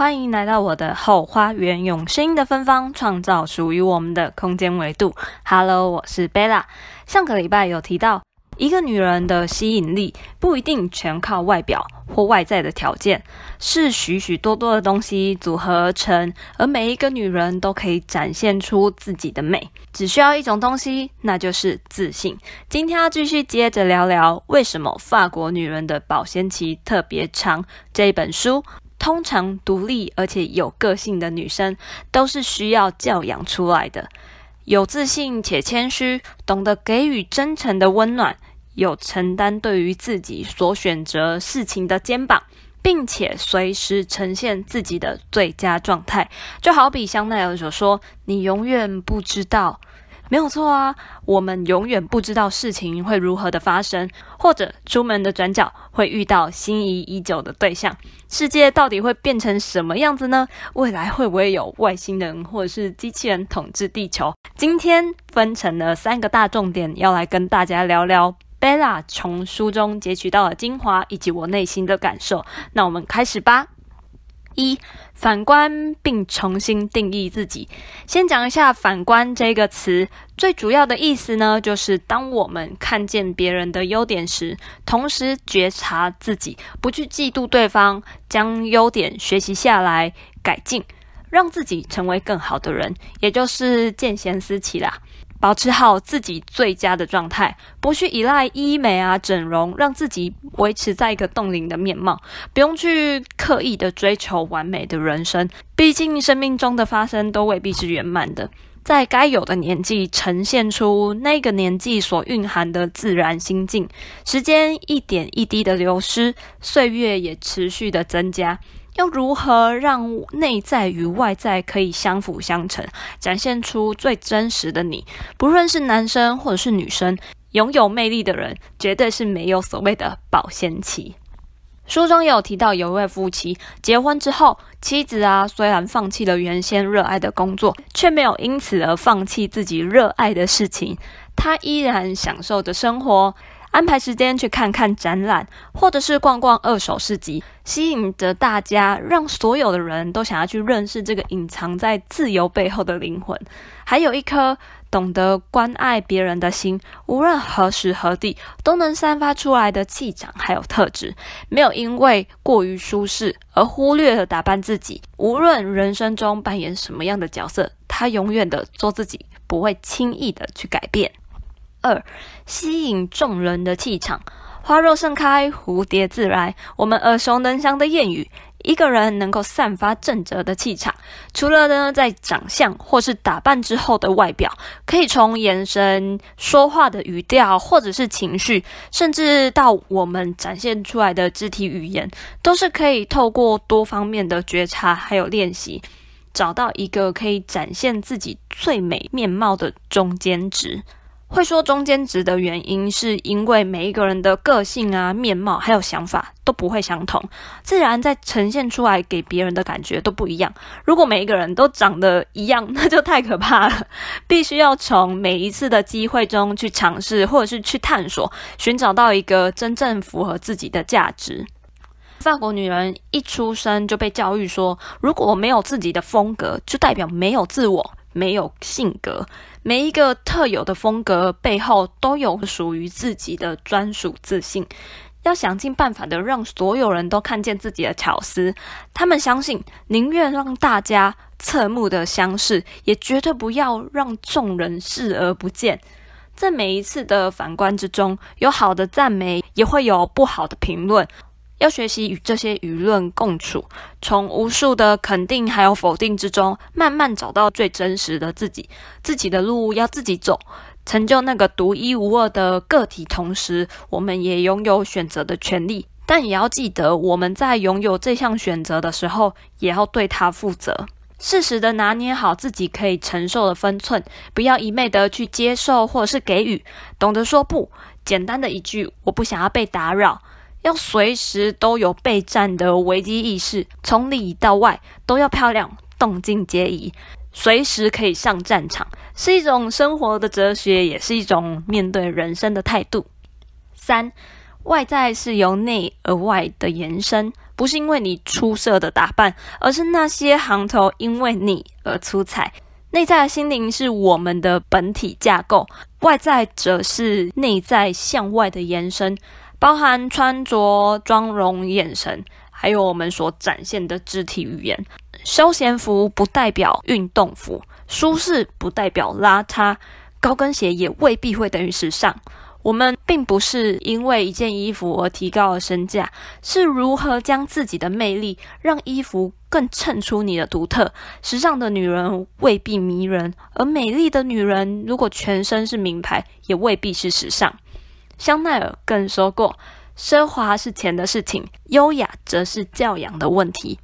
歡迎來到我的 Hoo 花園，用聲音的芬芳，創造屬於我們的空間維度。Hello，我是 Bella。上個禮拜有提到，一個女人的吸引力不一定全靠外表或外在的條件，是許許多多的東西組合而成，而每一個女人都可以展現出自己的美，只需要一種東西，那就是自信。今天要繼續接着聊聊為什麼法國女人的保鮮期特別長這本書。通常獨立而且有個性的女生，都是需要教養出來的。有自信且謙虛，懂得給予真誠的溫暖，有承擔對於自己所選擇事情的肩膀，並且隨時呈現自己的最佳狀態。就好比香奈兒所說：“你永遠不知道。”沒有錯啊，我們永遠不知道事情會如何的發生，或者出門的轉角會遇到心儀已久的對象。世界到底會變成什麼樣子呢？未來會不會有外星人或者是機器人統治地球？今天分成了三個大重點，要來跟大家聊聊 Bella 從書中擷取到的精華，以及我內心的感受。那我們開始吧。一、反觀並重新定義自己。先講一下“反觀”這個詞，最主要的意思呢，就是當我們看見別人的優點時，同時覺察自己，不去嫉妒對方，將優點學習下來，改進，讓自己成為更好的人，也就是見賢思齊啦。保持好自己最佳的狀態，不去依賴醫美啊、整容，讓自己維持在一個凍齡的面貌，不用去刻意的追求完美的人生。畢竟生命中的發生都未必是圓滿的，在該有的年紀呈現出那個年紀所蘊含的自然心境。時間一點一滴的流失，歲月也持續的增加。要如何讓內在與外在可以相輔相成，展現出最真實的你？不論是男生或者是女生，擁有魅力的人絕對是沒有所謂的保鮮期。書中有提到，有一位夫妻結婚之後，妻子啊雖然放棄了原先熱愛的工作，卻沒有因此而放棄自己熱愛的事情，她依然享受着生活。安排時間去看看展覽，或者是逛逛二手市集，吸引着大家，讓所有的人都想要去認識這個隱藏在自由背後的靈魂，還有一顆懂得關愛別人的心。無論何時何地，都能散發出來的氣場還有特質，沒有因為過於舒適而忽略了打扮自己。無論人生中扮演什麼樣的角色，他永遠的做自己，不會輕易的去改變。二，吸引眾人的氣場。花若盛開，蝴蝶自來。我們耳熟能詳的諺語。一個人能夠散發正直的氣場，除了呢，在長相或是打扮之後的外表，可以從眼神、說話的語調，或者是情緒，甚至到我們展現出來的肢體語言，都是可以透過多方面的覺察，還有練習，找到一個可以展現自己最美面貌的中間值。會說中間值的原因，是因為每一個人的個性啊、面貌還有想法都不會相同，自然在呈現出來給別人的感覺都不一樣。如果每一個人都長得一樣，那就太可怕了。必須要從每一次的機會中去嘗試，或者是去探索，尋找到一個真正符合自己的價值。法國女人一出生就被教育說，如果我沒有自己的風格，就代表沒有自我，沒有性格。每一個特有的風格背後，都有屬於自己的專屬自信。要想盡辦法的讓所有人都看見自己的巧思，他們相信，寧願讓大家側目的相視，也絕對不要讓眾人視而不見。在每一次的反觀之中，有好的讚美，也會有不好的評論。要學習與這些輿論共處，從無數的肯定還有否定之中，慢慢找到最真實的自己。自己的路要自己走，成就那個獨一無二的個體。同時，我們也擁有選擇的權利，但也要記得，我們在擁有這項選擇的時候，也要對它負責。適時的拿捏好自己可以承受的分寸，不要一昧的去接受或者是給予，懂得說不。簡單的一句：“我不想要被打擾。”要隨時都有備戰的危機意識，從裡到外都要漂亮，動靜皆宜，隨時可以上戰場，是一種生活的哲學，也是一種面對人生的態度。三，外在是由內而外的延伸，不是因為你出色的打扮，而是那些行頭因為你而出彩。內在的心靈是我們的本體架構，外在則是內在向外的延伸。包含穿着、妝容、眼神，還有我們所展現的肢體語言。休閒服不代表運動服，舒適不代表邋遢，高跟鞋也未必會等於時尚。我們並不是因為一件衣服而提高了身價，是如何將自己的魅力讓衣服更襯出你的獨特。時尚的女人未必迷人，而美麗的女人如果全身是名牌，也未必是時尚。香奈兒更說過：“奢華是錢的事情，優雅則是教養的問題。”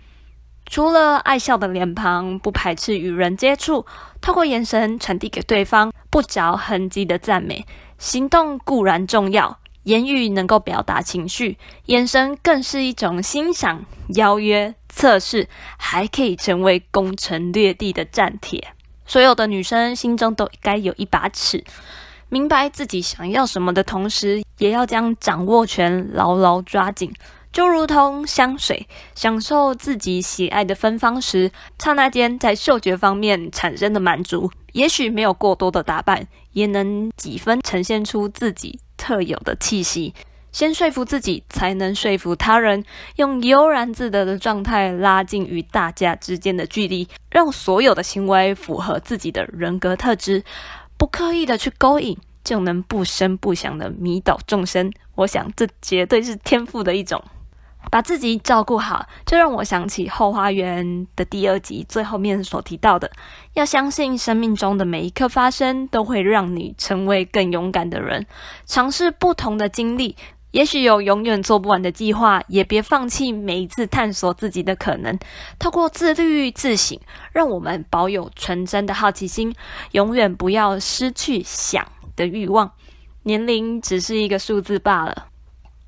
除了愛笑的臉龐，不排斥與人接觸，透過眼神傳遞給對方不着痕跡的讚美。行動固然重要，言語能夠表達情緒，眼神更是一種欣賞、邀約、測試，還可以成為攻城略地的戰帖。所有的女生心中都該有一把尺。明白自己想要什麼的同時，也要將掌握權牢牢抓緊。就如同香水，享受自己喜愛的芬芳時，剎那間在嗅覺方面產生的滿足，也許沒有過多的打扮，也能幾分呈現出自己特有的氣息。先說服自己，才能說服他人，用悠然自得的狀態拉近與大家之間的距離，讓所有的行為符合自己的人格特質。不刻意的去勾引，就能不聲不響的迷倒眾生。我想，這絕對是天賦的一種。把自己照顧好，這讓我想起《Hoo 花園》的第二集最後面所提到的：要相信生命中的每一刻發生，都會讓你成為更勇敢的人。嘗試不同的經歷。也許有永遠做不完的計劃，也別放棄每一次探索自己的可能。透過自律自省，讓我們保有純真的好奇心，永遠不要失去想的慾望。年齡只是一個數字罷了。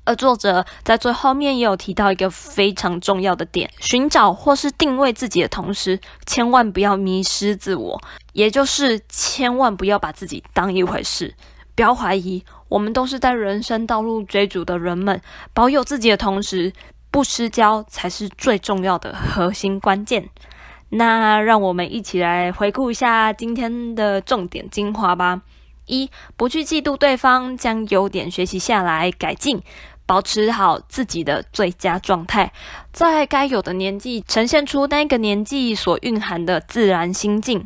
而作者在最後面也有提到一個非常重要的點：尋找或是定位自己的同時，千萬不要迷失自我，也就是千萬不要把自己當一回事，不要懷疑。我們都是在人生道路追逐的人們，保有自己的同時，不失焦才是最重要的核心關鍵。那讓我們一起來回顧一下今天的重點精華吧：一、不去嫉妒對方，將優點學習下來，改進，保持好自己的最佳狀態，在該有的年紀，呈現出那個年紀所蘊含的自然心境；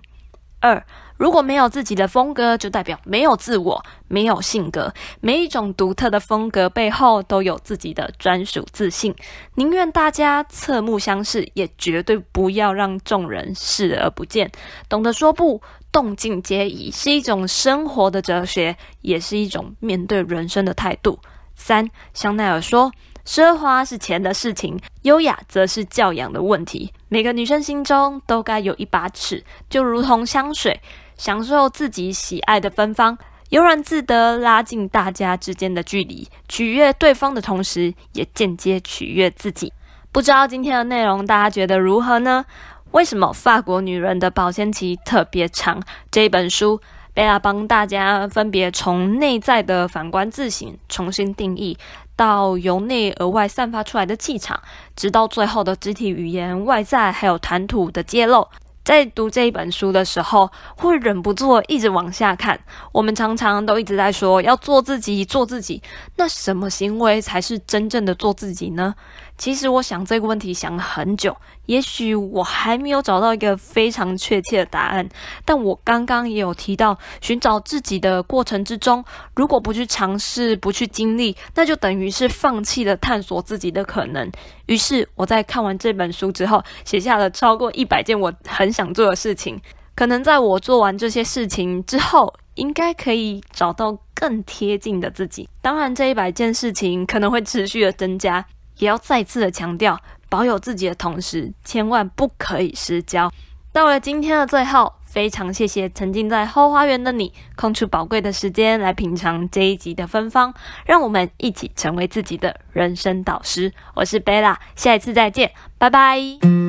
二。如果沒有自己的風格，就代表沒有自我，沒有性格。每一種獨特的風格背後，都有自己的專屬自信。寧願大家側目相視，也絕對不要讓眾人視而不見。懂得說不，動靜皆宜，是一種生活的哲學，也是一種面對人生的態度。三，香奈兒說：“奢華是錢的事情，優雅則是教養的問題。”每個女生心中都該有一把尺，就如同香水。享受自己喜愛的芬芳，悠然自得，拉近大家之間的距離，取悅對方的同時，也間接取悅自己。不知道今天的內容大家覺得如何呢？為什麼法國女人的保鮮期特別長？這一本書，貝拉幫大家分別從內在的反觀自省、重新定義，到由內而外散發出來的氣場，直到最後的肢體語言、外在還有談吐的揭露。在讀這一本書的時候，會忍不住一直往下看。我們常常都一直在說要做自己，做自己。那什麼行為才是真正的做自己呢？其實我想這個問題想了很久，也許我還沒有找到一個非常確切的答案。但我剛剛也有提到，尋找自己的過程之中，如果不去嘗試、不去經歷，那就等於是放棄了探索自己的可能。於是我在看完這本書之後，寫下了超過一百件我很想做的事情。可能在我做完這些事情之後，應該可以找到更貼近的自己。當然，這一百件事情可能會持續的增加。也要再次的強調，保有自己的同時，千萬不可以失焦。到了今天的最後，非常謝謝沉浸在 Hoo 花園的你，空出寶貴的時間來品嘗這一集的芬芳，讓我們一起成為自己的人生導師。我是 Bella，下一次再見，拜拜。